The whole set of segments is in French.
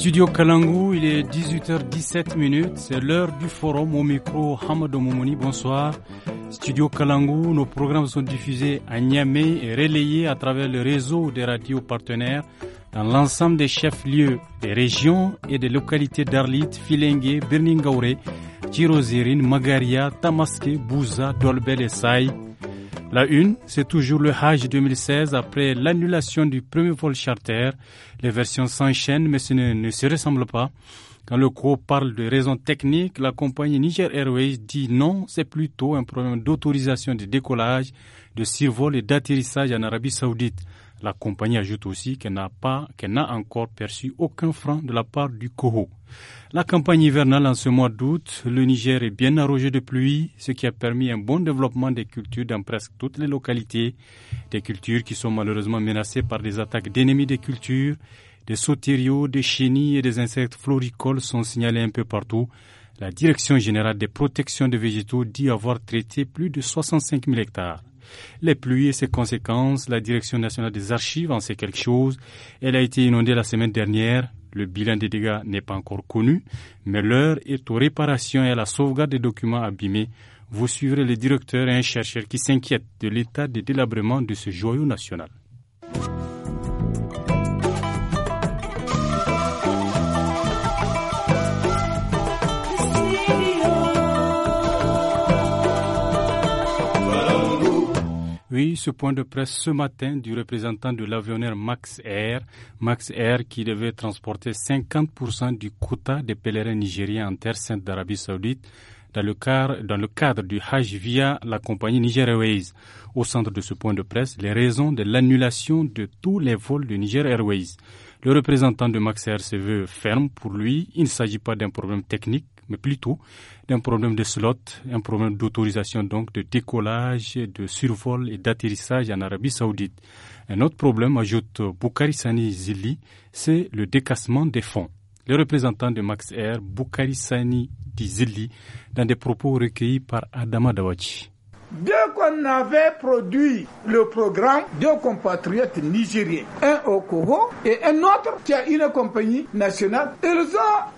Studio Kalangou, il est 18h17 minutes. C'est l'heure du forum au micro Hamadou Bonsoir. Studio Kalangou, nos programmes sont diffusés à Niamey et relayés à travers le réseau des radios partenaires dans l'ensemble des chefs-lieux des régions et des localités d'Arlit, Filengue, Birningaure, Tirozirine, Magaria, Tamaske, Bouza, Dolbel et Saï. La une, c'est toujours le Hajj 2016 après l'annulation du premier vol charter les versions s'enchaînent, mais ce ne, se ressemble pas. Quand le Coro parle de raisons techniques, la compagnie Niger Airways dit non, c'est plutôt un problème d'autorisation de décollage, de survol et d'atterrissage en Arabie Saoudite. La compagnie ajoute aussi qu'elle n'a pas, qu'elle n'a encore perçu aucun franc de la part du COHO. La campagne hivernale en ce mois d'août, le Niger est bien arrogé de pluie, ce qui a permis un bon développement des cultures dans presque toutes les localités, des cultures qui sont malheureusement menacées par des attaques d'ennemis des cultures, des sauteriaux, des chenilles et des insectes floricoles sont signalés un peu partout. La Direction générale des protections des végétaux dit avoir traité plus de 65 000 hectares. Les pluies et ses conséquences, la Direction nationale des archives en sait quelque chose. Elle a été inondée la semaine dernière. Le bilan des dégâts n'est pas encore connu, mais l'heure est aux réparations et à la sauvegarde des documents abîmés. Vous suivrez le directeur et un chercheur qui s'inquiètent de l'état de délabrement de ce joyau national. Oui, ce point de presse ce matin du représentant de l'avionneur Max Air, Max Air qui devait transporter 50% du quota des pèlerins nigériens en terre sainte d'Arabie saoudite dans le, cadre, dans le cadre du Hajj via la compagnie Niger Airways. Au centre de ce point de presse, les raisons de l'annulation de tous les vols de Niger Airways. Le représentant de Max Air se veut ferme. Pour lui, il ne s'agit pas d'un problème technique mais plutôt d'un problème de slot, un problème d'autorisation donc de décollage, de survol et d'atterrissage en Arabie saoudite. Un autre problème, ajoute Boukhari Sani Zili, c'est le décassement des fonds. Le représentant de Max Air, Boukarissani Sani Zili, dans des propos recueillis par Adama Dawachi. Dès qu'on avait produit le programme, deux compatriotes nigériens, un au Congo et un autre qui a une compagnie nationale, ils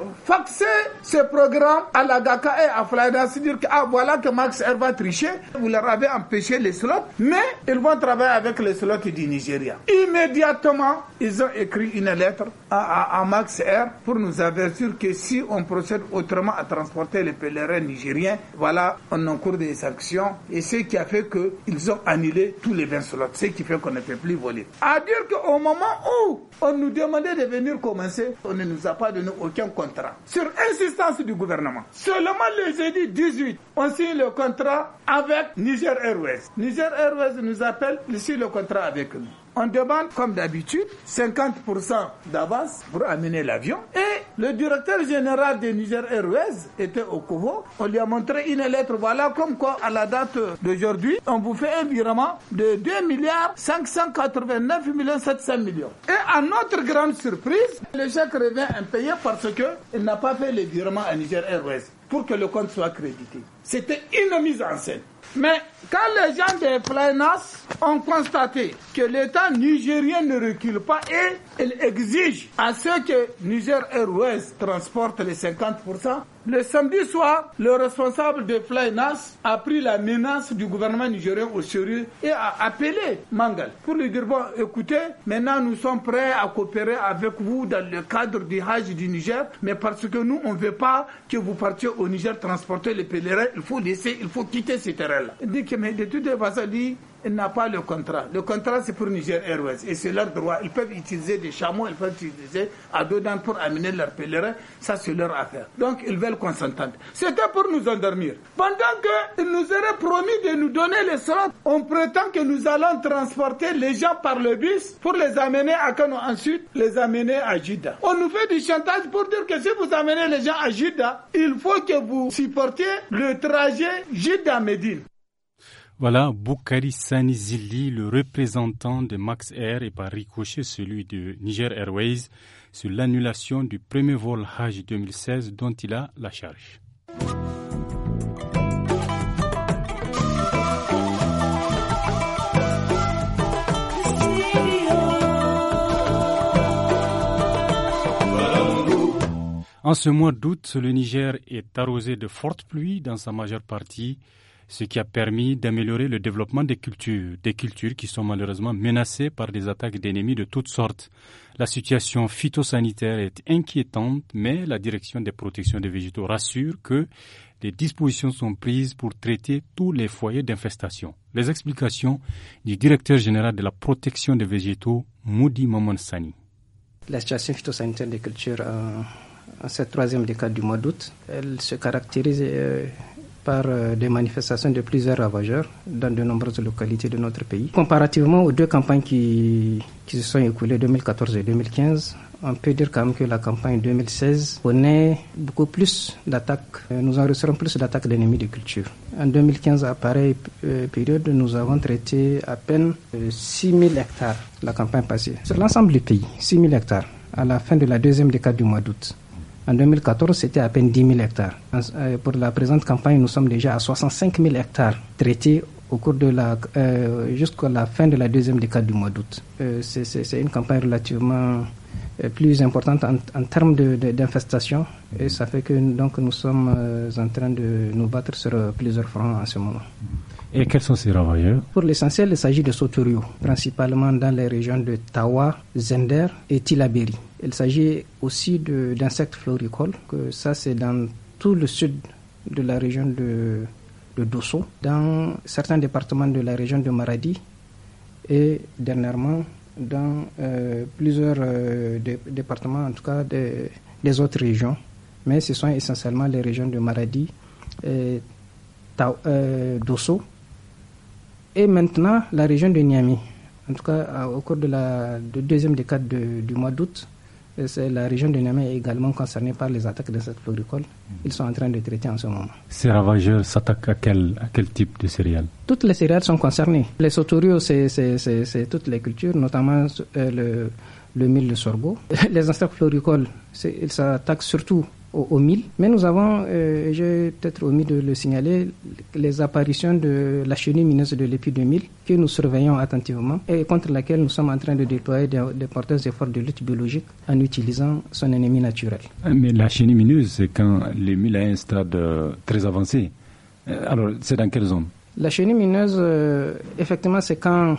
ont faxé ce programme à la GACA et à Florida, c'est-à-dire que ah, voilà que Max R va tricher, vous leur avez empêché les slots, mais ils vont travailler avec les slots du Nigeria. Immédiatement, ils ont écrit une lettre à, Max R pour nous avertir que si on procède autrement à transporter les pèlerins nigériens, voilà, on encourt des sanctions et ce qui a fait qu'ils ont annulé tous les sur slots, ce qui fait qu'on ne peut plus voler. À dire qu'au moment où on nous demandait de venir commencer, on ne nous a pas donné aucun contrat. Sur insistance du gouvernement, seulement le jeudi 18, on signe le contrat avec Niger Airways. Niger Airways nous appelle, il signe le contrat avec nous. On demande, comme d'habitude, 50% d'avance pour amener l'avion. Et le directeur général de Niger Airways était au covo. On lui a montré une lettre. Voilà comme quoi, à la date d'aujourd'hui, on vous fait un virement de 2 milliards 589 millions 700 millions. Et à notre grande surprise, le chèque revient impayé parce qu'il n'a pas fait le virement à Niger Airways pour que le compte soit crédité. C'était une mise en scène. Mais quand les gens des plainas ont constaté que l'État nigérien ne recule pas et elle exige à ce que Niger Airways transporte les 50%. Le samedi soir, le responsable de Flynas a pris la menace du gouvernement nigérien au sérieux et a appelé Mangal pour lui dire, bon, écoutez, maintenant nous sommes prêts à coopérer avec vous dans le cadre du Hajj du Niger, mais parce que nous, on ne veut pas que vous partiez au Niger transporter les pèlerins, il faut laisser, il faut quitter ces terrains-là. dit que, mais de toute façon, il n'a pas le contrat. Le contrat, c'est pour Niger Airways et c'est leur droit. Ils peuvent utiliser des chameaux, ils peuvent utiliser à dos pour amener leurs pèlerins. Ça, c'est leur affaire. Donc, ils veulent qu'on s'entende. C'était pour nous endormir. Pendant qu'ils nous auraient promis de nous donner les slots, on prétend que nous allons transporter les gens par le bus pour les amener à Kano, ensuite les amener à Jida. On nous fait du chantage pour dire que si vous amenez les gens à Jida, il faut que vous supportiez le trajet jida médine voilà Boukari Sanizili, le représentant de Max Air et par ricochet celui de Niger Airways, sur l'annulation du premier vol Hajj 2016 dont il a la charge. En ce mois d'août, le Niger est arrosé de fortes pluies dans sa majeure partie ce qui a permis d'améliorer le développement des cultures, des cultures qui sont malheureusement menacées par des attaques d'ennemis de toutes sortes. La situation phytosanitaire est inquiétante, mais la direction des protections des végétaux rassure que des dispositions sont prises pour traiter tous les foyers d'infestation. Les explications du directeur général de la protection des végétaux, Moudi Sani. La situation phytosanitaire des cultures euh, en, cette troisième décade du mois d'août, elle se caractérise euh, par euh, des manifestations de plusieurs ravageurs dans de nombreuses localités de notre pays. Comparativement aux deux campagnes qui, qui se sont écoulées 2014 et 2015, on peut dire quand même que la campagne 2016 connaît beaucoup plus d'attaques, euh, nous en recevons plus d'attaques d'ennemis de culture. En 2015, à pareille euh, période, nous avons traité à peine 6 000 hectares la campagne passée. Sur l'ensemble du pays, 6 000 hectares à la fin de la deuxième décade du mois d'août. En 2014, c'était à peine 10 000 hectares. Euh, pour la présente campagne, nous sommes déjà à 65 000 hectares traités au cours de la euh, jusqu'à la fin de la deuxième décade du mois d'août. Euh, c'est une campagne relativement plus importante en, termes d'infestation et ça fait que donc nous sommes en train de nous battre sur plusieurs fronts en ce moment. Et quels sont ces renvoyeurs Pour l'essentiel, il s'agit de Sotorio, principalement dans les régions de Tawa, Zender et Tilaberi. Il s'agit aussi d'insectes floricoles, que ça c'est dans tout le sud de la région de, Dosso, dans certains départements de la région de Maradi et dernièrement dans euh, plusieurs euh, départements, en tout cas des, autres régions. Mais ce sont essentiellement les régions de Maradi, et, euh, Dosso et maintenant la région de Niamey. En tout cas, euh, au cours de la deuxième décade du mois d'août, euh, la région de Niamey est également concernée par les attaques d'insectes floricoles. Ils sont en train de traiter en ce moment. Ces ravageurs s'attaquent à quel, à quel type de céréales Toutes les céréales sont concernées. Les sotorios, c'est toutes les cultures, notamment euh, le, le mil, le sorgho. Les insectes floricoles, ils s'attaquent surtout au, mille. Mais nous avons, euh, j'ai peut-être omis de le signaler, les apparitions de la chenille mineuse de 2000 que nous surveillons attentivement et contre laquelle nous sommes en train de déployer des, porteurs efforts de lutte biologique en utilisant son ennemi naturel. Mais la chenille mineuse, c'est quand le mille a un stade euh, très avancé. Euh, alors, c'est dans quelle zone La chenille mineuse, effectivement, c'est quand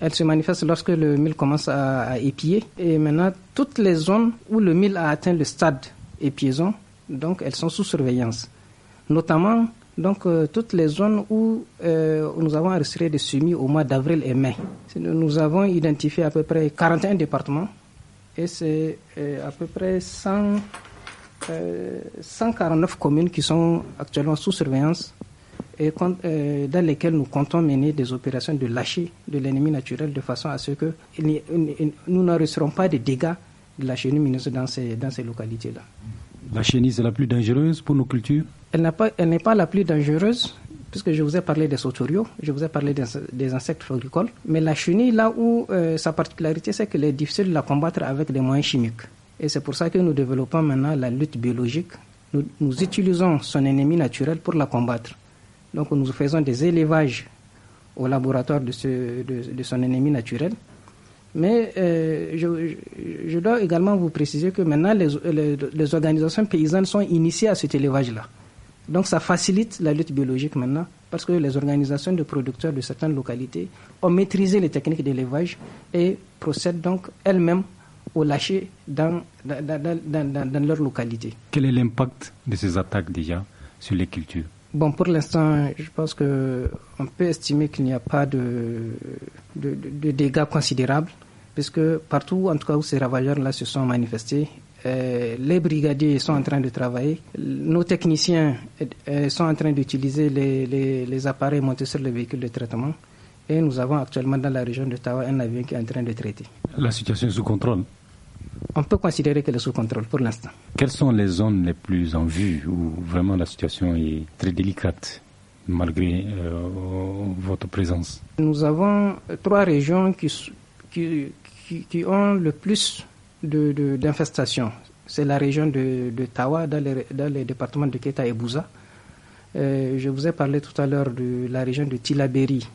elle se manifeste lorsque le mille commence à, à, épier. Et maintenant, toutes les zones où le mille a atteint le stade et donc elles sont sous surveillance. Notamment, donc, euh, toutes les zones où, euh, nous avons enregistré des semis au mois d'avril et mai. Nous avons identifié à peu près 41 départements et c'est euh, à peu près 100, 149 communes qui sont actuellement sous surveillance et dans lesquelles nous comptons mener des opérations de lâcher de l'ennemi naturel de façon à ce que nous n'enregistrons pas de dégâts de la chenille mineuse dans ces, dans ces localités-là. La chenille, c'est la plus dangereuse pour nos cultures Elle n'est pas, elle pas la plus dangereuse, puisque je vous ai parlé des sauteriaux, je vous ai parlé des, insectes agricoles, Mais la chenille, là où euh, sa particularité, c'est qu'elle est difficile de la combattre avec des moyens chimiques. Et c'est pour ça que nous développons maintenant la lutte biologique. Nous, nous utilisons son ennemi naturel pour la combattre. Donc nous faisons des élevages au laboratoire de, de son ennemi naturel. Mais euh, je, dois également vous préciser que maintenant, les, organisations paysannes sont initiées à cet élevage-là. Donc ça facilite la lutte biologique maintenant, parce que les organisations de producteurs de certaines localités ont maîtrisé les techniques d'élevage et procèdent donc elles-mêmes au lâcher dans dans, leur localité. Quel est l'impact de ces attaques déjà sur les cultures Bon, pour l'instant, je pense qu'on peut estimer qu'il n'y a pas de, de, dégâts considérables puisque partout, en tout cas où ces ravageurs-là se sont manifestés, euh, les brigadiers sont en train de travailler, nos techniciens euh, sont en train d'utiliser les, appareils montés sur les véhicules de traitement. Et nous avons actuellement dans la région de Tawa un avion qui est en train de traiter. La situation est sous contrôle On peut considérer qu'elle est sous contrôle pour l'instant. Quelles sont les zones les plus en vue où vraiment la situation est très délicate malgré euh, votre présence Nous avons trois régions qui qui, ont le plus d'infestations. De, C'est la région de, de Tawa, dans les, dans les, départements de Keta et Bouza. Euh, je vous ai parlé tout à l'heure de la région de Tilaberi,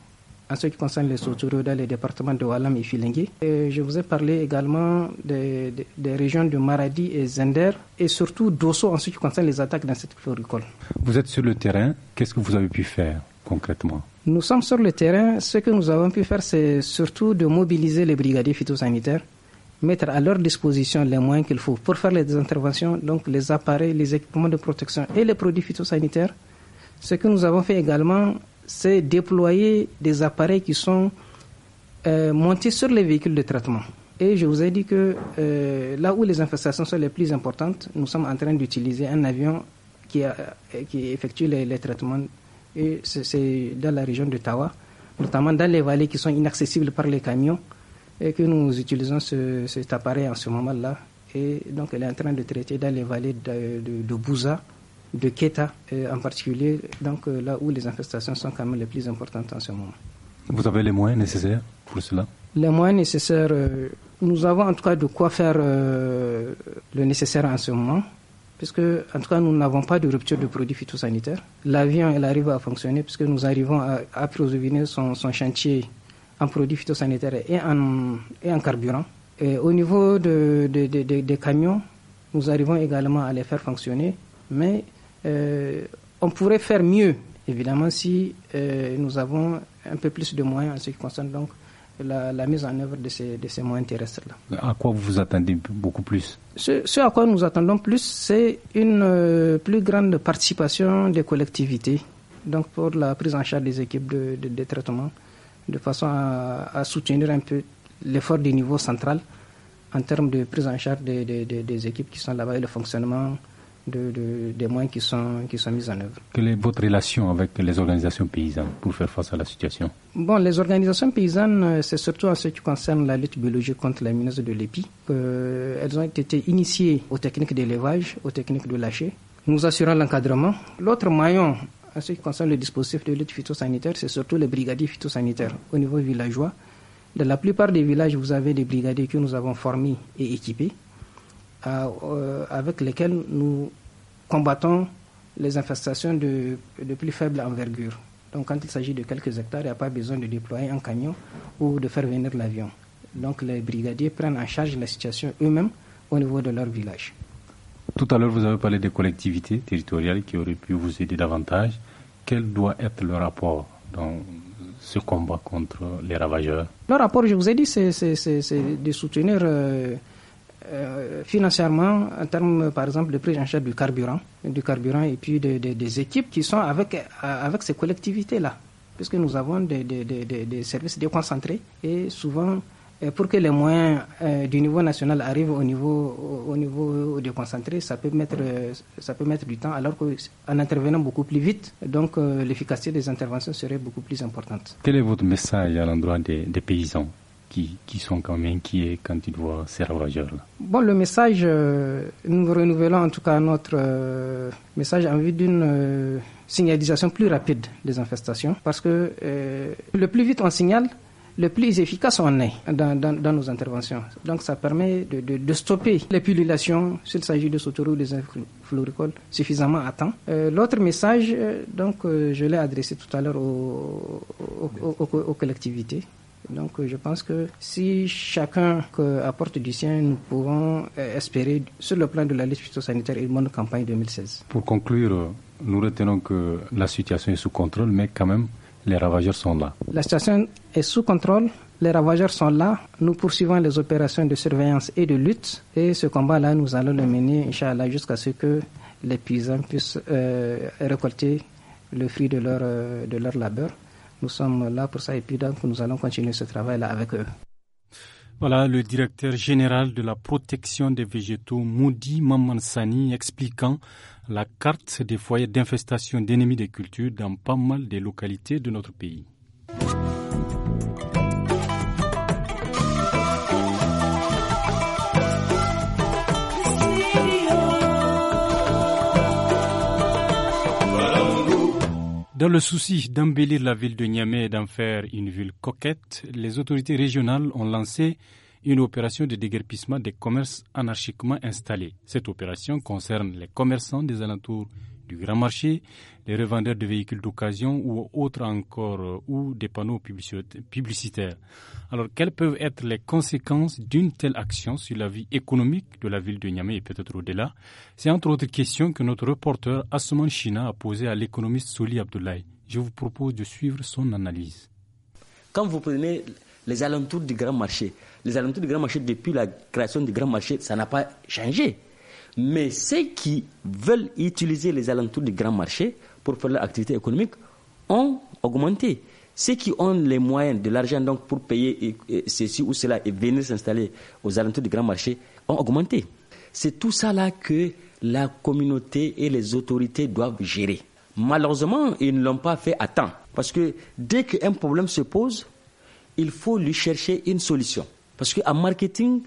en ce qui concerne les sauterelles dans les départements de Walam et Filingué. Euh, je vous ai parlé également des, des, régions de Maradi et Zender, et surtout d'Osso en ce qui concerne les attaques d'insectes floricoles. Vous êtes sur le terrain, qu'est-ce que vous avez pu faire concrètement nous sommes sur le terrain. Ce que nous avons pu faire, c'est surtout de mobiliser les brigadiers phytosanitaires, mettre à leur disposition les moyens qu'il faut pour faire les interventions, donc les appareils, les équipements de protection et les produits phytosanitaires. Ce que nous avons fait également, c'est déployer des appareils qui sont euh, montés sur les véhicules de traitement. Et je vous ai dit que euh, là où les infestations sont les plus importantes, nous sommes en train d'utiliser un avion qui, euh, qui effectue les traitements et c'est dans la région de Tawa, notamment dans les vallées qui sont inaccessibles par les camions, et que nous utilisons cet appareil en ce moment-là. Et donc, elle est en train de traiter dans les vallées de, Bouza, de Keta en particulier, donc euh, là où les infestations sont quand même les plus importantes en ce moment. Vous avez les moyens nécessaires pour cela Les moyens nécessaires, euh, nous avons en tout cas de quoi faire euh, le nécessaire en ce moment puisque en tout cas nous n'avons pas de rupture de produits phytosanitaires. L'avion, il arrive à fonctionner puisque nous arrivons à approvisionner son, son, chantier en produits phytosanitaires et en, et en carburant. Et au niveau de, de, de, des camions, nous arrivons également à les faire fonctionner, mais euh, on pourrait faire mieux, évidemment, si euh, nous avons un peu plus de moyens en ce qui concerne donc la, mise en œuvre de ces, de ces moyens terrestres-là. À quoi vous vous attendez beaucoup plus ce, à quoi nous attendons plus, c'est une euh, plus grande participation des collectivités donc pour la prise en charge des équipes de, traitement, de façon à, soutenir un peu l'effort du niveau central en termes de prise en charge des, des, des équipes qui sont là-bas et le fonctionnement de, des moyens qui sont, qui sont mis en œuvre. Quelle est votre relation avec les organisations paysannes pour faire face à la situation Bon, les organisations paysannes, euh, c'est surtout en ce qui concerne la lutte biologique contre la menace de l'épi. Euh, elles ont été initiées aux techniques d'élevage, aux techniques de lâcher, nous assurons l'encadrement. L'autre maillon en ce qui concerne le dispositif de lutte phytosanitaire, c'est surtout les brigadiers phytosanitaires au niveau villageois. Dans la plupart des villages, vous avez des brigadiers que nous avons formés et équipés, euh, avec lesquels nous Combattant les infestations de, de plus faible envergure. Donc quand il s'agit de quelques hectares, il n'y a pas besoin de déployer un camion ou de faire venir l'avion. Donc les brigadiers prennent en charge la situation eux-mêmes au niveau de leur village. Tout à l'heure, vous avez parlé des collectivités territoriales qui auraient pu vous aider davantage. Quel doit être le rapport dans ce combat contre les ravageurs Le rapport, je vous ai dit, c'est de soutenir euh, euh, financièrement en termes, par exemple, de prise en charge du carburant, du carburant et puis des équipes qui sont avec, euh, avec ces collectivités-là, puisque nous avons des, des, des, des, services déconcentrés et souvent, euh, pour que les moyens du niveau national arrivent au niveau, au, niveau déconcentré, ça peut, mettre, ça peut mettre du temps, alors qu'en intervenant beaucoup plus vite, donc l'efficacité des interventions serait beaucoup plus importante. Quel est votre message à l'endroit des paysans qui, qui sont quand même inquiets quand ils voient ces ravageurs-là Bon, le message, euh, nous renouvelons en tout cas notre euh, message en vue d'une euh, signalisation plus rapide des infestations, parce que le plus vite on signale, le plus efficace on est dans, dans, dans nos interventions. Donc ça permet de, de, stopper les pullulations s'il s'agit de sauterelles ou des floricoles suffisamment à temps. L'autre message, donc je l'ai adressé tout à l'heure aux, aux collectivités, donc je pense que si chacun apporte du sien, nous pouvons euh, espérer sur le plan de la liste phytosanitaire une bonne campagne 2016. Pour conclure, euh, nous retenons que la situation est sous contrôle, mais quand même, les ravageurs sont là. La situation est sous contrôle, les ravageurs sont là. Nous poursuivons les opérations de surveillance et de lutte. Et ce combat-là, nous allons le mener, Inch'Allah, jusqu'à ce que les paysans puissent euh, récolter le fruit de leur, de leur labeur. Nous sommes là pour ça et puis donc nous allons continuer ce travail-là avec eux. Voilà le directeur général de la protection des végétaux, Moudi Mamansani, expliquant la carte des foyers d'infestation d'ennemis des cultures dans pas mal des localités de notre pays. Dans le souci d'embellir la ville de Niamey et d'en faire une ville coquette, les autorités régionales ont lancé une opération de déguerpissement des commerces anarchiquement installés. Cette opération concerne les commerçants des alentours du grand marché, les revendeurs de véhicules d'occasion ou autres encore, euh, ou des panneaux publicitaires. Alors, quelles peuvent être les conséquences d'une telle action sur la vie économique de la ville de Niamey et peut-être au-delà C'est entre autres questions que notre reporter Asman China a posées à l'économiste Souli Abdoulaye. Je vous propose de suivre son analyse. Quand vous prenez les alentours du grand marché, les alentours du grand marché depuis la création du grand marché, ça n'a pas changé mais ceux qui veulent utiliser les alentours du grand marché pour faire leur activité économique ont augmenté. Ceux qui ont les moyens, de l'argent donc pour payer ceci ou cela et venir s'installer aux alentours du grand marché ont augmenté. C'est tout ça là que la communauté et les autorités doivent gérer. Malheureusement, ils ne l'ont pas fait à temps. Parce que dès qu'un problème se pose, il faut lui chercher une solution. Parce qu'en marketing,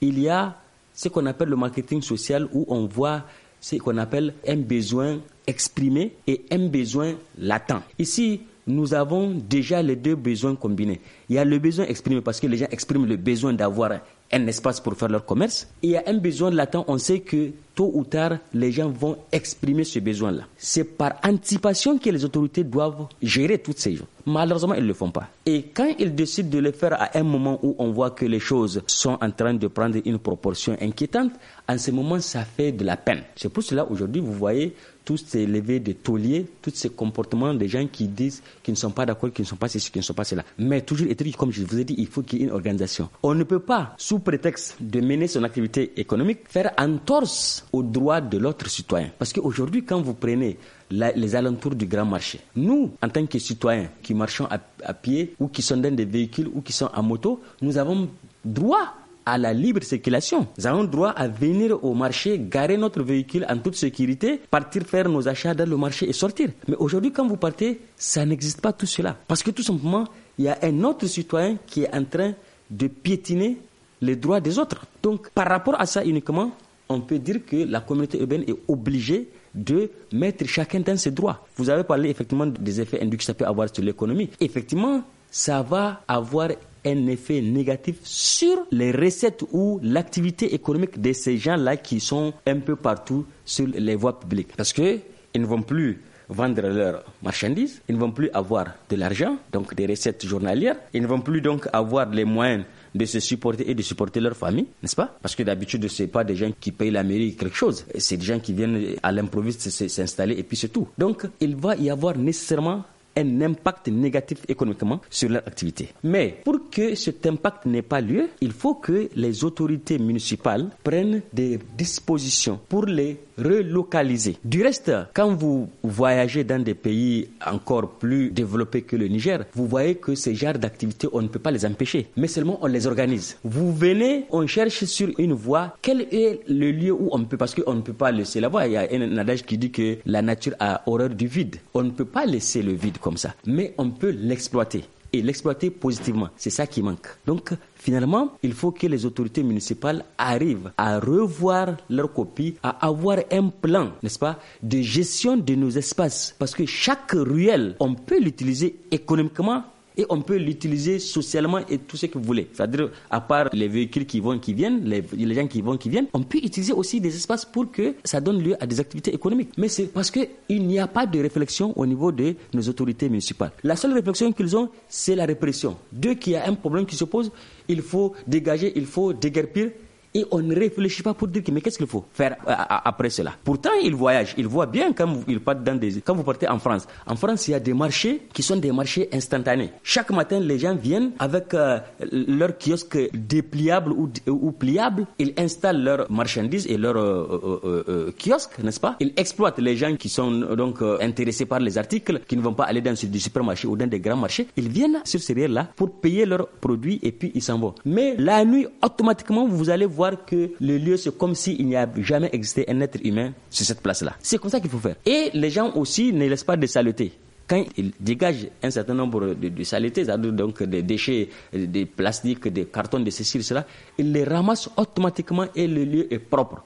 il y a ce qu'on appelle le marketing social où on voit ce qu'on appelle un besoin exprimé et un besoin latent. Ici, nous avons déjà les deux besoins combinés. Il y a le besoin exprimé parce que les gens expriment le besoin d'avoir un espace pour faire leur commerce. Il y a un besoin latent, on sait que tôt ou tard, les gens vont exprimer ce besoin-là. C'est par anticipation que les autorités doivent gérer toutes ces choses. Malheureusement, ils ne le font pas. Et quand ils décident de le faire à un moment où on voit que les choses sont en train de prendre une proportion inquiétante, en ce moment, ça fait de la peine. C'est pour cela, aujourd'hui, vous voyez, tous ces levées de tauliers, tous ces comportements des gens qui disent qu'ils ne sont pas d'accord, qu'ils ne sont pas ceci, qu'ils ne sont pas cela. Mais toujours est comme je vous ai dit, il faut qu'il y ait une organisation. On ne peut pas, sous prétexte de mener son activité économique, faire entorse aux droits de l'autre citoyen. Parce qu'aujourd'hui, quand vous prenez les alentours du grand marché. Nous, en tant que citoyens qui marchons à, pied ou qui sont dans des véhicules ou qui sont en moto, nous avons droit à la libre circulation. Nous avons droit à venir au marché, garer notre véhicule en toute sécurité, partir faire nos achats dans le marché et sortir. Mais aujourd'hui, quand vous partez, ça n'existe pas tout cela. Parce que tout simplement, il y a un autre citoyen qui est en train de piétiner les droits des autres. Donc, par rapport à ça uniquement, on peut dire que la communauté urbaine est obligée de mettre chacun dans ses droits. Vous avez parlé effectivement des effets induits que ça peut avoir sur l'économie. Effectivement, ça va avoir un effet négatif sur les recettes ou l'activité économique de ces gens-là qui sont un peu partout sur les voies publiques. Parce qu'ils ne vont plus vendre leurs marchandises, ils ne vont plus avoir de l'argent, donc des recettes journalières, ils ne vont plus donc avoir les moyens de se supporter et de supporter leur famille, n'est-ce pas Parce que d'habitude, ce n'est pas des gens qui payent la mairie quelque chose, c'est des gens qui viennent à l'improviste s'installer et puis c'est tout. Donc, il va y avoir nécessairement un impact négatif économiquement sur leur activité. Mais pour que cet impact n'ait pas lieu, il faut que les autorités municipales prennent des dispositions pour les relocaliser. Du reste, quand vous voyagez dans des pays encore plus développés que le Niger, vous voyez que ces genres d'activités, on ne peut pas les empêcher, mais seulement on les organise. Vous venez, on cherche sur une voie quel est le lieu où on peut, parce qu'on ne peut pas laisser la voie. Il y a un adage qui dit que la nature a horreur du vide. On ne peut pas laisser le vide ça. Mais on peut l'exploiter et l'exploiter positivement. C'est ça qui manque. Donc, finalement, il faut que les autorités municipales arrivent à revoir leur copie, à avoir un plan, n'est-ce pas, de gestion de nos espaces. Parce que chaque ruelle, on peut l'utiliser économiquement et on peut l'utiliser socialement et tout ce que vous voulez. C'est-à-dire, à part les véhicules qui vont, qui viennent, les, gens qui vont, qui viennent, on peut utiliser aussi des espaces pour que ça donne lieu à des activités économiques. Mais c'est parce qu'il n'y a pas de réflexion au niveau de nos autorités municipales. La seule réflexion qu'ils ont, c'est la répression. Deux, qu'il y a un problème qui se pose, il faut dégager, il faut déguerpir et on ne réfléchit pas pour dire mais qu'est-ce qu'il faut faire euh, après cela. Pourtant, ils voyagent, ils voient bien quand vous, dans des, quand vous partez en France. En France, il y a des marchés qui sont des marchés instantanés. Chaque matin, les gens viennent avec euh, leur kiosque dépliable ou, ou, pliable, ils installent leurs marchandises et leurs kiosque euh, kiosques, n'est-ce pas Ils exploitent les gens qui sont donc intéressés par les articles, qui ne vont pas aller dans des supermarchés ou dans des grands marchés. Ils viennent sur ces là pour payer leurs produits et puis ils s'en vont. Mais la nuit, automatiquement, vous allez vous voir que le lieu, c'est comme s'il n'y a jamais existé un être humain sur cette place-là. C'est comme ça qu'il faut faire. Et les gens aussi ne laissent pas de saleté quand ils dégagent un certain nombre de, de saletés, donc des déchets, euh, des plastiques, des cartons, de ceci, cela, ils les ramassent automatiquement et le lieu est propre.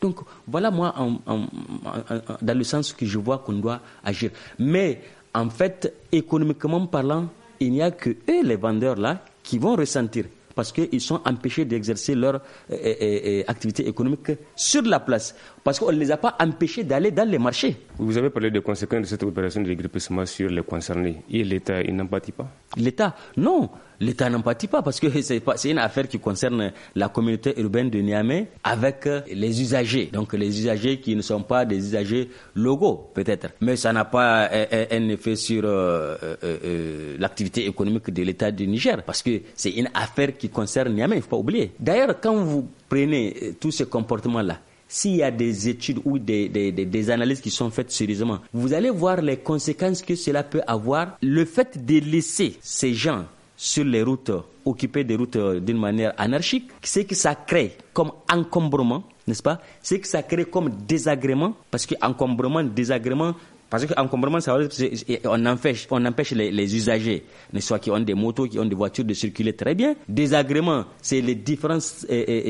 Donc voilà moi dans le sens que je vois qu'on doit agir. Mais en fait, économiquement parlant, il n'y a que eux, les vendeurs là, qui vont ressentir parce qu'ils sont empêchés d'exercer leur euh, euh, euh, activité économique sur la place parce qu'on ne les a pas empêchés d'aller dans les marchés. Vous avez parlé des conséquences de cette opération de regroupement sur les concernés. Et l'État, il n'en pas L'État, non. L'État n'en pas parce que c'est une affaire qui concerne la communauté urbaine de Niamey avec euh, les usagers. Donc les usagers qui ne sont pas des usagers logos peut-être. Mais ça n'a pas euh, euh, un effet sur l'activité économique de l'État du Niger parce que c'est une affaire qui concerne Niamey, il ne faut pas oublier. D'ailleurs, quand vous prenez tous ces comportements-là, s'il y a des études ou des, analyses qui sont faites sérieusement, vous allez voir les conséquences que cela peut avoir. Le fait de laisser ces gens sur les routes, occupés des routes euh, d'une manière anarchique, c'est que ça crée comme encombrement, n'est-ce pas C'est que ça crée comme désagrément, parce que encombrement, désagrément, parce qu'en on empêche, on les, usagers, ne soit qui ont des motos, qui ont des voitures, de circuler très bien. Désagrément, c'est les différents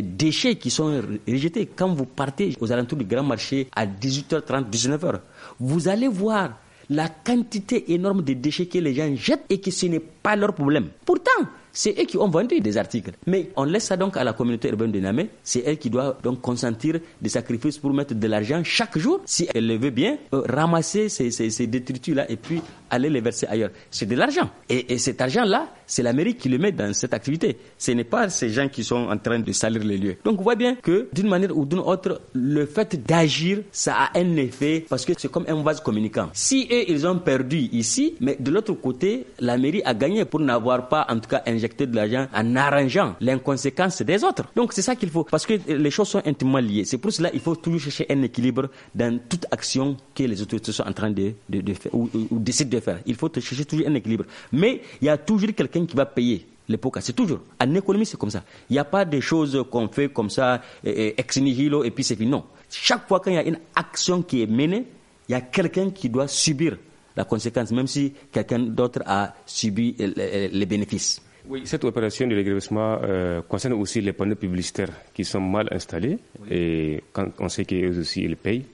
déchets qui sont rejetés. Quand vous partez aux alentours du grand marché à 18h30, 19h, vous allez voir la quantité énorme de déchets que les gens jettent et que ce n'est pas leur problème. Pourtant, c'est eux qui ont vendu des articles. Mais on laisse ça donc à la communauté urbaine de Namé. C'est elle qui doit donc consentir des sacrifices pour mettre de l'argent chaque jour, si elle le veut bien, euh, ramasser ces, détritus-là et puis aller les verser ailleurs. C'est de l'argent. Et, et, cet argent-là, c'est la mairie qui le met dans cette activité. Ce n'est pas ces gens qui sont en train de salir les lieux. Donc on voit bien que d'une manière ou d'une autre, le fait d'agir, ça a un effet parce que c'est comme un vase communicant. Si eux, ils ont perdu ici, mais de l'autre côté, la mairie a gagné pour n'avoir pas, en tout cas, injecté de l'argent en arrangeant l'inconséquence des autres. Donc c'est ça qu'il faut, parce que les choses sont intimement liées. C'est pour cela qu'il faut toujours chercher un équilibre dans toute action que les autorités sont en train de, de, faire ou, décident de faire. Il faut chercher toujours un équilibre. Mais il y a toujours quelqu'un qui va payer les C'est toujours. En économie, c'est comme ça. Il n'y a pas des choses qu'on fait comme ça, ex nihilo, et puis c'est fini. Non. Chaque fois qu'il y a une action qui est menée, il y a quelqu'un qui doit subir la conséquence, même si quelqu'un d'autre a subi euh, euh, les, bénéfices. Oui, cette opération de dégrèvement euh, concerne aussi les panneaux publicitaires qui sont mal installés et quand on sait qu'eux aussi ils payent,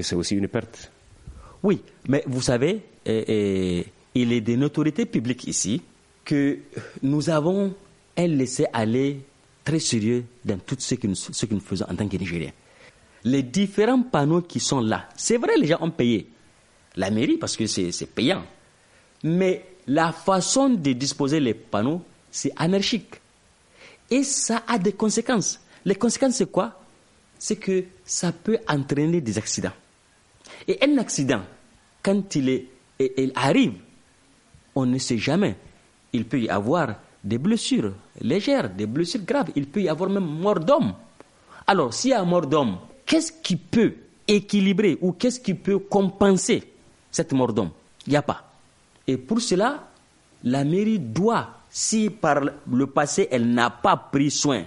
c'est aussi une perte. Oui, mais vous savez, et, il est des autorités publiques ici que nous avons un laisser-aller très sérieux dans tout ce que nous, ce que nous faisons en tant que Nigériens. Les différents panneaux qui sont là, c'est vrai, les gens ont payé, la mairie parce que c'est payant. Mais la façon de disposer les panneaux, c'est anarchique. Et ça a des conséquences. Les conséquences, c'est quoi C'est que ça peut entraîner des accidents. Et un accident, quand il, est, il arrive, on ne sait jamais. Il peut y avoir des blessures légères, des blessures graves. Il peut y avoir même mort d'homme. Alors, s'il y a mort d'homme, qu'est-ce qui peut équilibrer ou qu'est-ce qui peut compenser cette mort Il n'y a pas. Et pour cela, la mairie doit, si par le passé elle n'a pas pris soin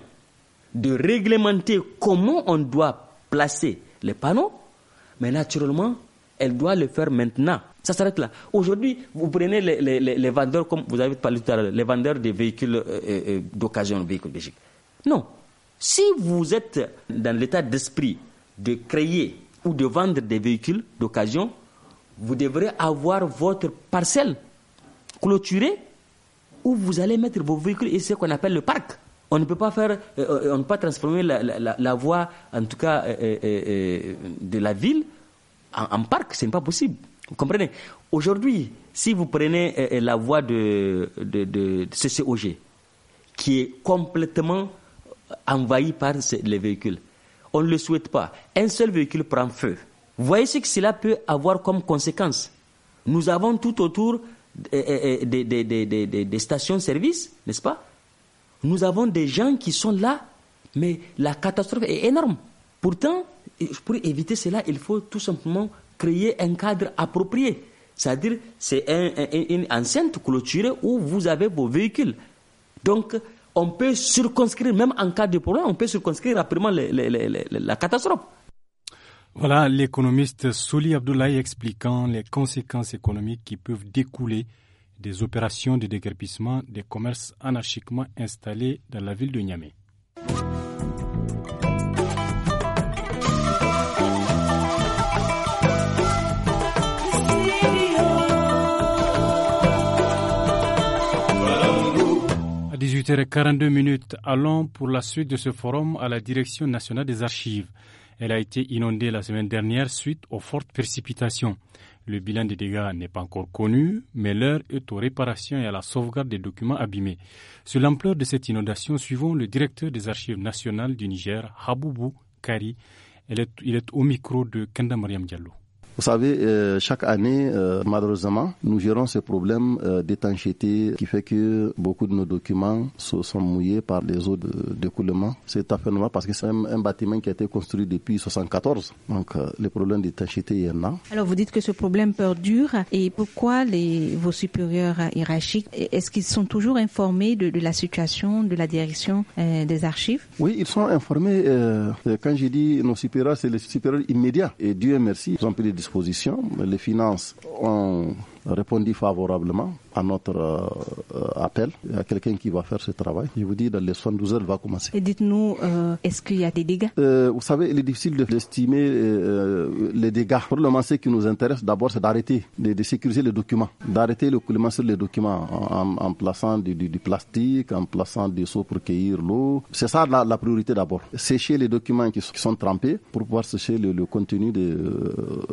de réglementer comment on doit placer les panneaux, mais naturellement, elle doit le faire maintenant. Ça s'arrête là. Aujourd'hui, vous prenez les, vendeurs, comme vous avez parlé tout à l'heure, les vendeurs des véhicules euh, euh, euh, d'occasion, véhicules Non. Si vous êtes dans l'état d'esprit de créer ou de vendre des véhicules d'occasion, vous devrez avoir votre parcelle clôturée où vous allez mettre vos véhicules et ce qu'on appelle le parc. On ne peut pas faire, euh, euh, on ne peut pas transformer la, voie, en tout cas, euh, de la ville en, parc. Ce n'est pas possible. Vous comprenez Aujourd'hui, si vous prenez la voie de, de, de, CCOG, qui est complètement envahie par les véhicules, on ne le souhaite pas. Un seul véhicule prend feu. Vous voyez ce que cela peut avoir comme conséquence. Nous avons tout autour eh, eh, eh, des, des, des, stations-service, n'est-ce pas Nous avons des gens qui sont là, mais la catastrophe est énorme. Pourtant, pour éviter cela, il faut tout simplement créer un cadre approprié. C'est-à-dire, c'est une enceinte clôturée où vous avez vos véhicules. Donc, on peut circonscrire, même en cas de problème, on peut circonscrire rapidement la catastrophe. Voilà l'économiste Souli Abdoulaye expliquant les conséquences économiques qui peuvent découler des opérations de déguerpissement des commerces anarchiquement installés dans la ville de Niamey. À 18h42 allons pour la suite de ce forum à la Direction nationale des archives. Elle a été inondée la semaine dernière suite aux fortes précipitations. Le bilan des dégâts n'est pas encore connu, mais l'heure est aux réparations et à la sauvegarde des documents abîmés. Sur l'ampleur de cette inondation, suivons le directeur des archives nationales du Niger, Haboubou Kari. Il est, au micro de Kenda Mariam Diallo. Vous savez, euh, chaque année, euh, malheureusement, nous gérons ce problème euh, d'étanchéité qui fait que beaucoup de nos documents sont mouillés par les eaux De, coulement. c'est à fait parce que c'est un, bâtiment qui a été construit depuis 1974. Donc, le problème d'étanchéité, est là. Alors, vous dites que ce problème perdure. Et pourquoi les, vos supérieurs hiérarchiques, est-ce qu'ils sont toujours informés de, la situation de la direction des archives Oui, ils sont informés. quand j'ai dit nos supérieurs, c'est les supérieurs immédiats. Et Dieu merci, ils ont pris des les finances ont répondu favorablement à notre euh, appel. Il y a quelqu'un qui va faire ce travail. Je vous dis, dans les 72 heures, il va commencer. Et dites-nous, euh, est-ce qu'il y a des dégâts euh, Vous savez, il est difficile d'estimer les dégâts. Pour moment, ce qui nous intéresse d'abord, c'est d'arrêter, de, sécuriser les documents, d'arrêter le coulement sur les documents en, plaçant du, plastique, en plaçant des seaux pour cueillir l'eau. C'est ça la, priorité d'abord. Sécher les documents qui, sont trempés pour pouvoir sécher le, contenu, de,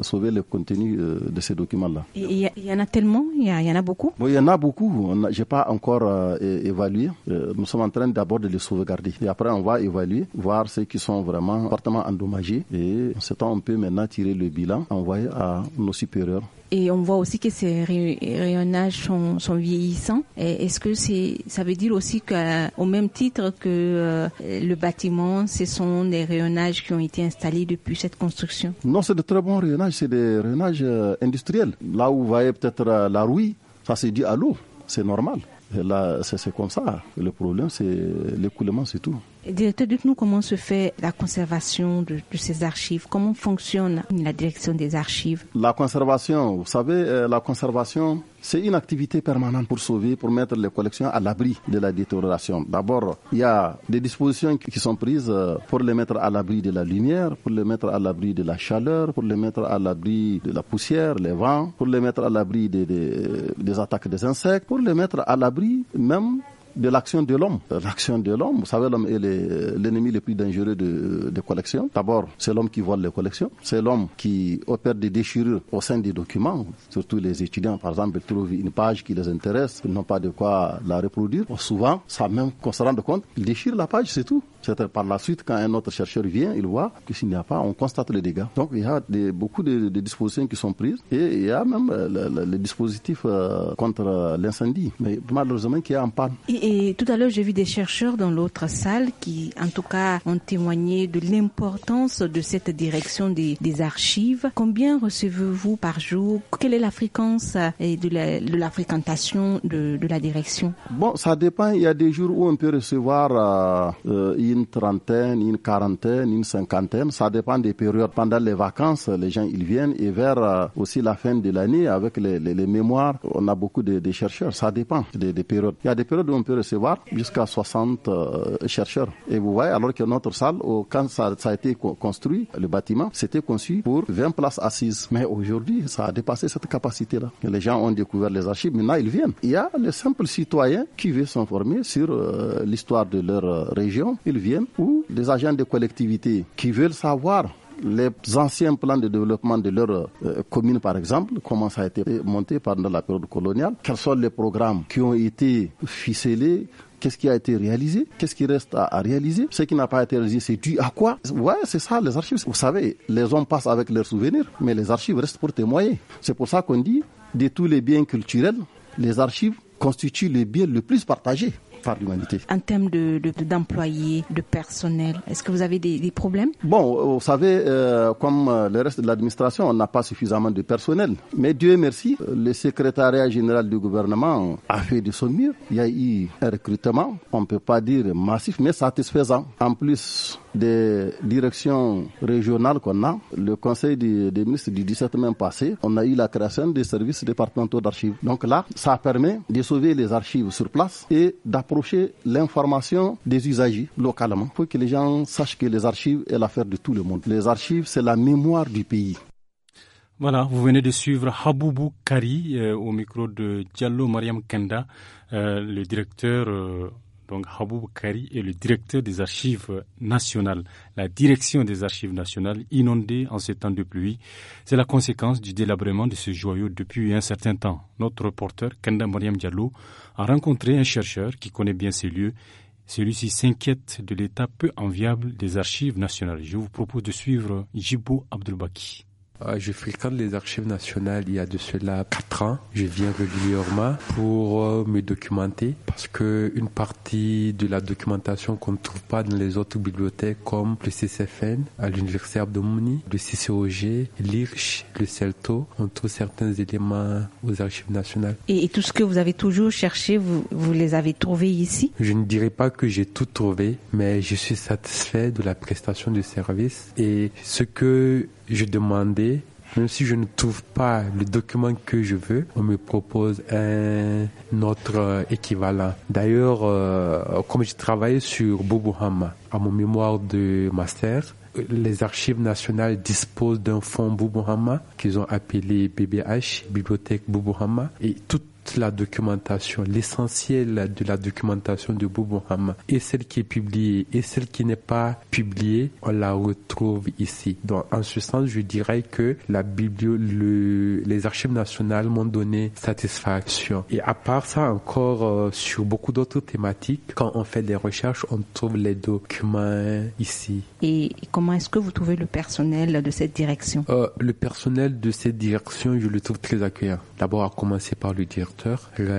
sauver le contenu de ces documents-là. Il y, en a tellement, il y, y, en a beaucoup. Oui, y en a beaucoup. Je n'ai pas encore euh, évalué. Euh, nous sommes en train d'abord de les sauvegarder. Et après, on va évaluer, voir ceux qui sont vraiment fortement endommagés. Et en ce temps, on peut maintenant tirer le bilan, envoyer à nos supérieurs. Et on voit aussi que ces rayonnages sont, vieillissants. Est-ce que c'est, ça veut dire aussi qu'au euh, même titre que le bâtiment, ce sont des rayonnages qui ont été installés depuis cette construction Non, c'est de très bons rayonnages. C'est des rayonnages industriels. Là où va peut-être la rouille, ça c'est dit à l'eau, c'est normal. là, c'est comme ça. Le problème, c'est l'écoulement, c'est tout. Directeur, dites-nous comment se fait la conservation de, ces archives, comment fonctionne la direction des archives. La conservation, vous savez, euh, la conservation, c'est une activité permanente pour sauver, pour mettre les collections à l'abri de la détérioration. D'abord, il y a des dispositions qui sont prises euh, pour les mettre à l'abri de la lumière, pour les mettre à l'abri de la chaleur, pour les mettre à l'abri de la poussière, les vents, pour les mettre à l'abri des euh, attaques des insectes, pour les mettre à l'abri même de l'action de l'homme. Euh, l'action de l'homme, vous savez, l'homme est l'ennemi le plus dangereux des de collections. D'abord, c'est l'homme qui vole les collections, c'est l'homme qui opère des déchirures au sein des documents. Surtout les étudiants, par exemple, ils trouvent une page qui les intéresse, ils n'ont pas de quoi la reproduire. Souvent, ça même qu'on se rende compte, ils déchirent la page, c'est tout. C'est par la suite, quand un autre chercheur vient, il voit que s'il n'y a pas, on constate les dégâts. Donc il y a des, beaucoup de, dispositions qui sont prises et il y a même les euh, le, euh, contre l'incendie, mais malheureusement qui est en panne. Et tout à l'heure, j'ai vu des chercheurs dans l'autre salle qui, en tout cas, ont témoigné de l'importance de cette direction des, archives. Combien recevez-vous par jour Quelle est la fréquence euh, et de, la, fréquentation de, la direction Bon, ça dépend. Il y a des jours où on peut recevoir euh, une trentaine, une quarantaine, une cinquantaine. Ça dépend des périodes. Pendant les vacances, les gens ils viennent et vers euh, aussi la fin de l'année, avec les, mémoires, on a beaucoup de, chercheurs. Ça dépend des, des périodes. Il y a des périodes où on peut recevoir jusqu'à 60 euh, chercheurs. Et vous voyez, alors que notre salle, quand ça, a été construit, le bâtiment, c'était conçu pour 20 places assises. Mais aujourd'hui, ça a dépassé cette capacité-là. Les gens ont découvert les archives, maintenant ils viennent. Il y a les simples citoyens qui veulent s'informer sur euh, l'histoire de leur euh, région. Ils viennent ou des agents de collectivités qui veulent savoir les anciens plans de développement de leur euh, commune, par exemple, comment ça a été monté pendant la période coloniale, quels sont les programmes qui ont été ficelés, qu'est-ce qui a été réalisé, qu'est-ce qui reste à, réaliser, ce qui n'a pas été réalisé, c'est dû à quoi Ouais, c'est ça, les archives. Vous savez, les hommes passent avec leurs souvenirs, mais les archives restent pour témoigner. C'est pour ça qu'on dit, de tous les biens culturels, les archives constituent le bien le plus partagé l'humanité. En termes d'employés, de, de, personnel, est-ce que vous avez des, problèmes Bon, euh, vous savez, euh, comme euh, le reste de l'administration, on n'a pas suffisamment de personnel. Mais Dieu merci, le secrétariat général du gouvernement a fait de son mieux. Il y a eu un recrutement, on ne peut pas dire massif, mais satisfaisant. En plus, des directions régionales qu'on a, le conseil des, ministres du 17 mai passé, on a eu la création des services départementaux d'archives. Donc là, ça permet de sauver les archives sur place et d'approcher l'information des usagers localement. Pour faut que les gens sachent que les archives est l'affaire de tout le monde. Les archives, c'est la mémoire du pays. Voilà, vous venez de suivre Haboubou Kari euh, au micro de Diallo Mariam Kenda, euh, le directeur euh, donc Haboub Kari est le directeur des archives nationales, la direction des archives nationales inondée en ces temps de pluie. C'est la conséquence du délabrement de ce joyau depuis un certain temps. Notre reporter Kenda Moriam Diallo a rencontré un chercheur qui connaît bien ces lieux. Celui-ci s'inquiète de l'état peu enviable des archives nationales. Je vous propose de suivre Jibo Abdelbaki. Ah, je fréquente les archives nationales il y a de cela 4 ans. Je viens régulièrement pour euh, me documenter parce que une partie de la documentation qu'on ne trouve pas dans les autres bibliothèques comme le CCFN à l'Université Abdomouni, le CCOG, l'IRCH, le CELTO, on trouve certains éléments aux archives nationales. Et, tout ce que vous avez toujours cherché, vous, vous les avez trouvés ici Je ne dirais pas que j'ai tout trouvé, mais je suis satisfait de la prestation du service et ce que je demandais, même si je ne trouve pas le document que je veux, on me propose un, autre équivalent. D'ailleurs, euh, comme je travaillé sur Boubouhama, à mon mémoire de master, les archives nationales disposent d'un fonds Boubouhama qu'ils ont appelé BBH, Bibliothèque Boubouhama, et tout toute la documentation, l'essentiel de la documentation de Boubouham et celle qui est publiée et celle qui n'est pas publiée, on la retrouve ici. Donc, en ce sens, je dirais que la biblio, les archives nationales m'ont donné satisfaction. Et à part ça, encore euh, sur beaucoup d'autres thématiques, quand on fait des recherches, on trouve les documents ici. Et comment est-ce que vous trouvez le personnel de cette direction euh, Le personnel de cette direction, je le trouve très accueillant. D'abord, à commencer par lui dire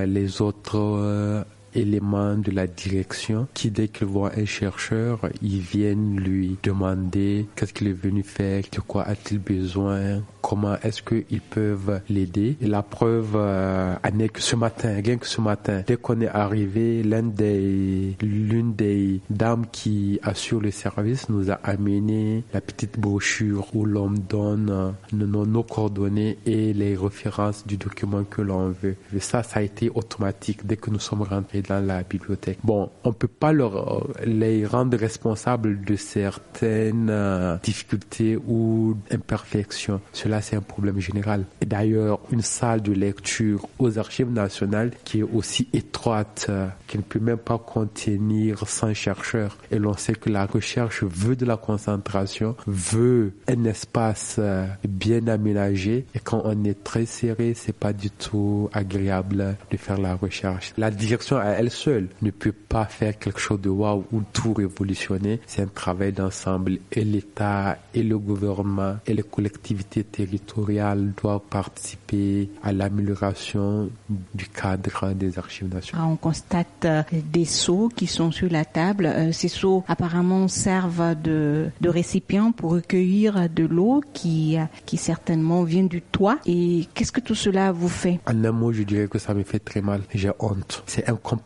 les autres... Euh, éléments de la direction qui, dès qu'ils voient un chercheur, ils viennent lui demander qu'est-ce qu'il est venu faire, de quoi a-t-il besoin, comment est-ce qu'ils peuvent l'aider. la preuve euh, que ce matin, rien que ce matin, dès qu'on est arrivé, l'une des, l'une des dames qui assure le service nous a amené la petite brochure où l'on donne euh, nos, nos coordonnées et les références du document que l'on veut. Et ça, ça a été automatique dès que nous sommes rentrés dans la bibliothèque. Bon, on ne peut pas leur, euh, les rendre responsables de certaines euh, difficultés ou imperfections. Cela, c'est un problème général. Et d'ailleurs, une salle de lecture aux archives nationales qui est aussi étroite euh, qui ne peut même pas contenir 100 chercheurs. Et l'on sait que la recherche veut de la concentration, veut un espace bien aménagé. Et quand on est très serré, c'est pas du tout agréable de faire la recherche. La direction a elle seule ne peut pas faire quelque chose de waouh ou tout révolutionner. C'est un travail d'ensemble et l'État et le gouvernement et les collectivités territoriales doivent participer à l'amélioration du cadre des archives nationales. Ah, on constate euh, des seaux qui sont sur la table. Euh, ces seaux apparemment servent de, de récipients pour recueillir de l'eau qui, euh, qui certainement vient du toit. Et qu'est-ce que tout cela vous fait En un mot, je dirais que ça me fait très mal. J'ai honte. C'est incompréhensible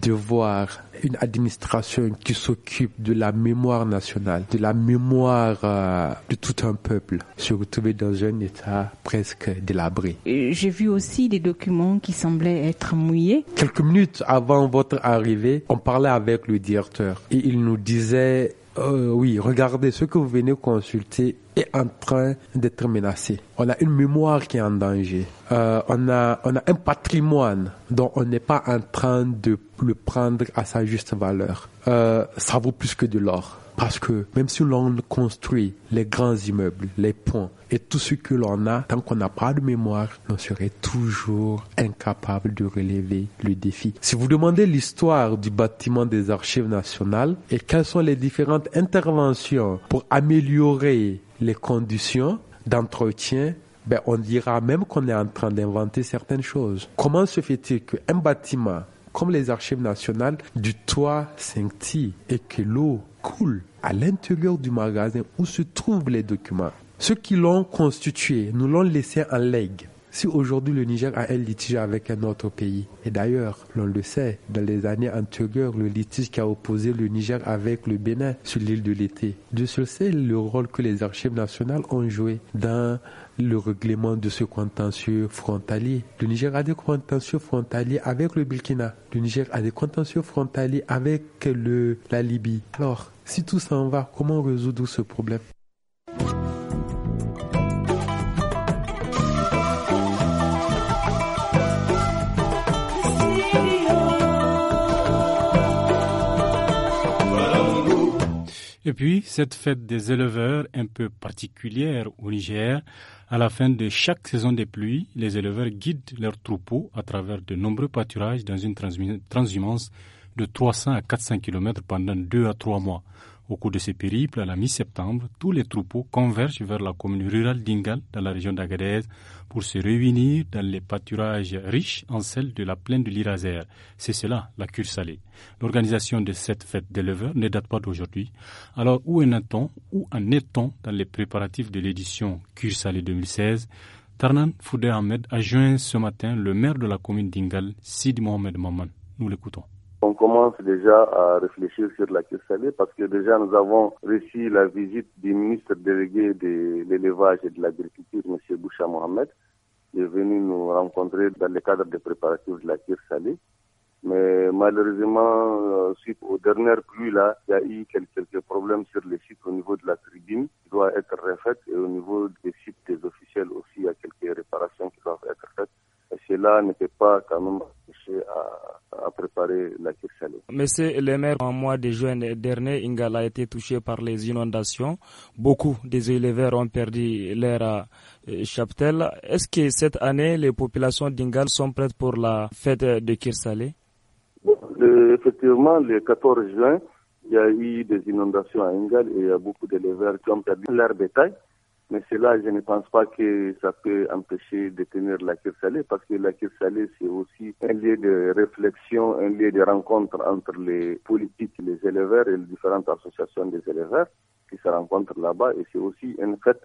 de voir une administration qui s'occupe de la mémoire nationale, de la mémoire euh, de tout un peuple, se retrouver dans un état presque délabré. Euh, j'ai vu aussi des documents qui semblaient être mouillés. Quelques minutes avant votre arrivée, on parlait avec le directeur et il nous disait euh, oui, regardez, ce que vous venez consulter est en train d'être menacé. On a une mémoire qui est en danger. Euh, on, a, on a un patrimoine dont on n'est pas en train de le prendre à sa juste valeur. Euh, ça vaut plus que de l'or. Parce que même si l'on construit les grands immeubles, les ponts et tout ce que l'on a, tant qu'on n'a pas de mémoire, on serait toujours incapable de relever le défi. Si vous demandez l'histoire du bâtiment des archives nationales et quelles sont les différentes interventions pour améliorer les conditions d'entretien, ben on dira même qu'on est en train d'inventer certaines choses. Comment se fait-il qu'un bâtiment comme les archives nationales, du toit scintille et que l'eau coule à l'intérieur du magasin où se trouvent les documents. Ceux qui l'ont constitué nous l'ont laissé en legs. Si aujourd'hui le Niger a un litige avec un autre pays, et d'ailleurs, l'on le sait, dans les années antérieures, le litige qui a opposé le Niger avec le Bénin sur l'île de l'été, De ce sait le rôle que les archives nationales ont joué dans le règlement de ce contentieux frontalier. Le Niger a des contentieux frontaliers avec le Burkina. Le Niger a des contentieux frontaliers avec le, la Libye. Alors, si tout s'en va, comment résoudre ce problème Et puis, cette fête des éleveurs, un peu particulière au Niger, à la fin de chaque saison des pluies, les éleveurs guident leurs troupeaux à travers de nombreux pâturages dans une transhumance de 300 à 400 km pendant 2 à 3 mois. Au cours de ce périple, à la mi-septembre, tous les troupeaux convergent vers la commune rurale d'Ingal, dans la région d'Agadez, pour se réunir dans les pâturages riches en celle de la plaine de l'Iraser. C'est cela, la cure L'organisation de cette fête d'éleveurs ne date pas d'aujourd'hui. Alors, où en est-on, où en est-on dans les préparatifs de l'édition cure 2016 Tarnan Foudé Ahmed a joint ce matin le maire de la commune d'Ingal, Sid Mohamed Maman. Nous l'écoutons. On commence déjà à réfléchir sur la caisse salée parce que déjà nous avons reçu la visite du ministre délégué de l'élevage et de l'agriculture, M. Boucha Mohamed, qui est venu nous rencontrer dans le cadre des préparatifs de la caisse salée. Mais malheureusement, euh, suite aux dernières pluies, là, il y a eu quelques problèmes sur les sites au niveau de la tribune qui doit être refaite et au niveau des sites des officiels aussi, il y a quelques réparations qui doivent être faites. Et cela n'était pas quand même préparer la kirsalé. Monsieur le maire, en mois de juin dernier, Ingal a été touché par les inondations. Beaucoup des éleveurs ont perdu leur euh, chaptel. Est-ce que cette année, les populations d'Ingal sont prêtes pour la fête de Kirsalé Effectivement, le 14 juin, il y a eu des inondations à Ingal et il y a beaucoup d'éleveurs qui ont perdu leur bétail. Mais cela, je ne pense pas que ça peut empêcher de tenir la Kir parce que la Kir c'est aussi un lieu de réflexion, un lieu de rencontre entre les politiques, les éleveurs et les différentes associations des éleveurs qui se rencontrent là-bas. Et c'est aussi une fête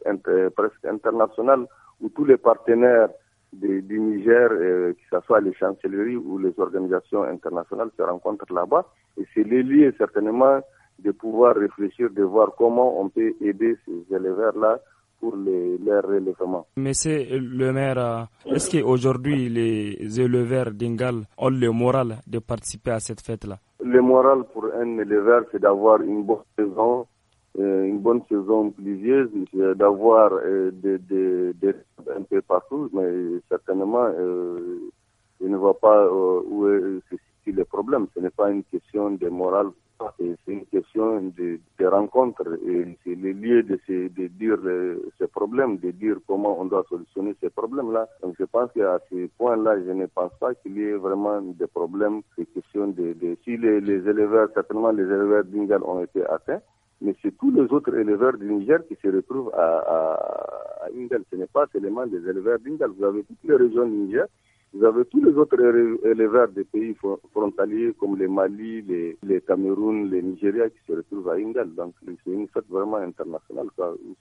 presque internationale où tous les partenaires du Niger, euh, que ce soit les chancelleries ou les organisations internationales, se rencontrent là-bas. Et c'est le lieu certainement de pouvoir réfléchir, de voir comment on peut aider ces éleveurs-là pour les, leur relèvement. Monsieur le maire, est-ce qu'aujourd'hui les éleveurs d'Ingal ont le moral de participer à cette fête-là Le moral pour un éleveur, c'est d'avoir une bonne saison, euh, une bonne saison pluvieuse, euh, d'avoir euh, des, des, un peu partout, mais certainement, euh, je ne vois pas où se situe le problème. Ce n'est pas une question de morale c'est une question de, de rencontre et c'est le lieu de, dire euh, ce problème, de dire comment on doit solutionner ces problèmes-là. je pense qu'à ce point-là, je ne pense pas qu'il y ait vraiment des problèmes. C'est question de, si les, éleveurs, certainement les éleveurs d'Ingal ont été atteints, mais c'est tous les autres éleveurs du Niger qui se retrouvent à, à, Ce n'est pas seulement les éleveurs d'Ingal. Vous avez toutes les régions du Niger vous avez tous les autres éleveurs des pays frontaliers comme le Mali, le Cameroun, le Nigeria qui se retrouvent à Ingal. Donc c'est une fête vraiment internationale.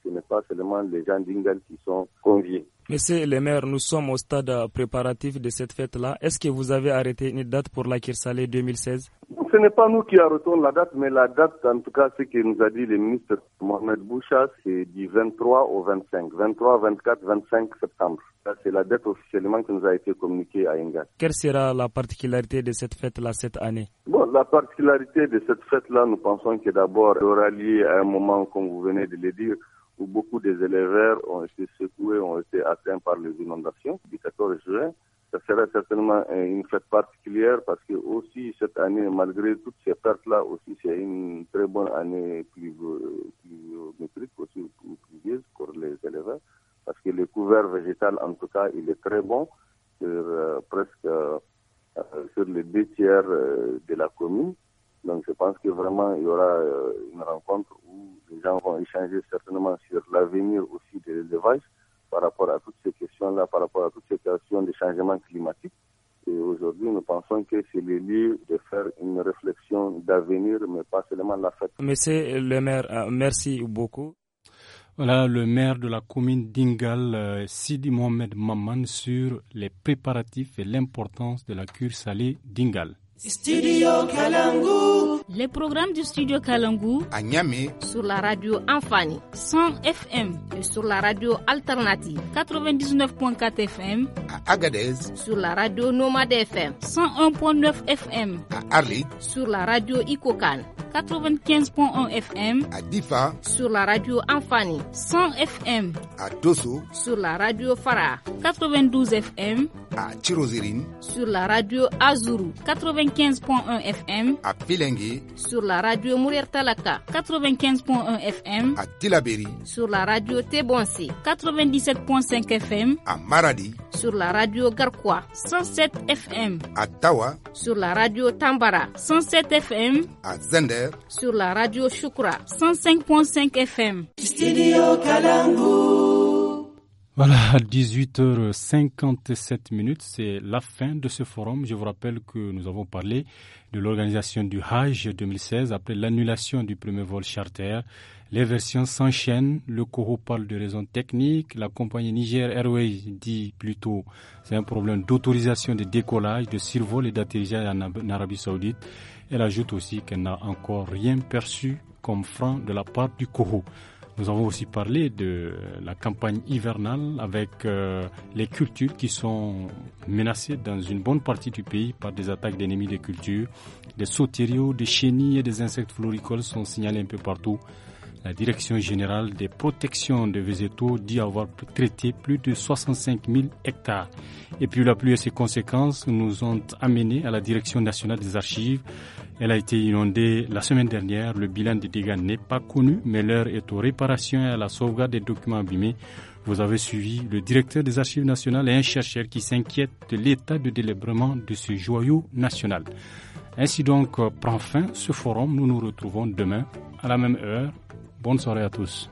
Ce n'est pas seulement les gens d'Ingal qui sont conviés. Monsieur le maire, nous sommes au stade préparatif de cette fête-là. Est-ce que vous avez arrêté une date pour la Kirsalé 2016 Ce n'est pas nous qui arrêtons la date, mais la date, en tout cas, ce que nous a dit le ministre Mohamed Boucha, c'est du 23 au 25, 23, 24, 25 septembre c'est la dette officiellement qui nous a été communiquée à Inga. Quelle sera la particularité de cette fête-là cette année Bon, la particularité de cette fête-là, nous pensons que d'abord, elle aura lieu à un moment, comme vous venez de le dire, où beaucoup des élèves ont été secoués, ont été atteints par les inondations du 14 juin. Ça sera certainement une fête particulière parce que aussi cette année, malgré toutes ces pertes-là, aussi c'est une très bonne année pluviométrique, euh, euh, aussi pour les élèves parce que le couvert végétal, en tout cas, il est très bon sur euh, presque euh, euh, sur les deux tiers de la commune. Donc je pense que vraiment il y aura une rencontre où les gens vont échanger certainement sur l'avenir aussi de l'élevage par rapport à toutes ces questions-là, par rapport à toutes ces questions de changement climatique. Et aujourd'hui, nous pensons que c'est le lieu de faire une réflexion d'avenir, mais pas seulement la fête. Monsieur le maire, merci beaucoup. Voilà le maire de la commune d'Ingal, euh, Sidi Mohamed Maman, sur les préparatifs et l'importance de la cure salée d'Ingal. Les programmes du studio Kalangu à Nyame sur la radio Enfani 100 FM et sur la radio Alternative 99.4 FM à Agadez sur la radio Nomade FM 101.9 FM à Arlit sur la radio Ikokan 95.1 FM à Difa sur la radio Enfani 100 FM à Dosso sur la radio Farah 92 FM à Chirozirine sur la radio Azuru 95.1 FM à Filengi sur la radio Mourir Talaka 95.1 FM. À Tilaberi. Sur la radio Tebonsi 97.5 FM. À Maradi. Sur la radio Garkwa 107 FM. À Tawa. Sur la radio Tambara 107 FM. À Zender. Sur la radio Shukra 105.5 FM. Studio Voilà, 18h57 minutes, c'est la fin de ce forum. Je vous rappelle que nous avons parlé de l'organisation du Hajj 2016 après l'annulation du premier vol charter. Les versions s'enchaînent, le Coro parle de raisons techniques, la compagnie Niger Airways dit plutôt c'est un problème d'autorisation de décollage, de survol et d'atterrissage en Arabie Saoudite. Elle ajoute aussi qu'elle n'a encore rien perçu comme franc de la part du Coro. Nous avons aussi parlé de la campagne hivernale avec euh, les cultures qui sont menacées dans une bonne partie du pays par des attaques d'ennemis des cultures. Des sautériaux, des chenilles et des insectes floricoles sont signalés un peu partout. La Direction générale des protections des végétaux dit avoir traité plus de 65 000 hectares. Et puis la pluie et ses conséquences nous ont amenés à la Direction nationale des archives elle a été inondée la semaine dernière. Le bilan des dégâts n'est pas connu, mais l'heure est aux réparations et à la sauvegarde des documents abîmés. Vous avez suivi le directeur des Archives nationales et un chercheur qui s'inquiète de l'état de délabrement de ce joyau national. Ainsi donc euh, prend fin ce forum. Nous nous retrouvons demain à la même heure. Bonne soirée à tous.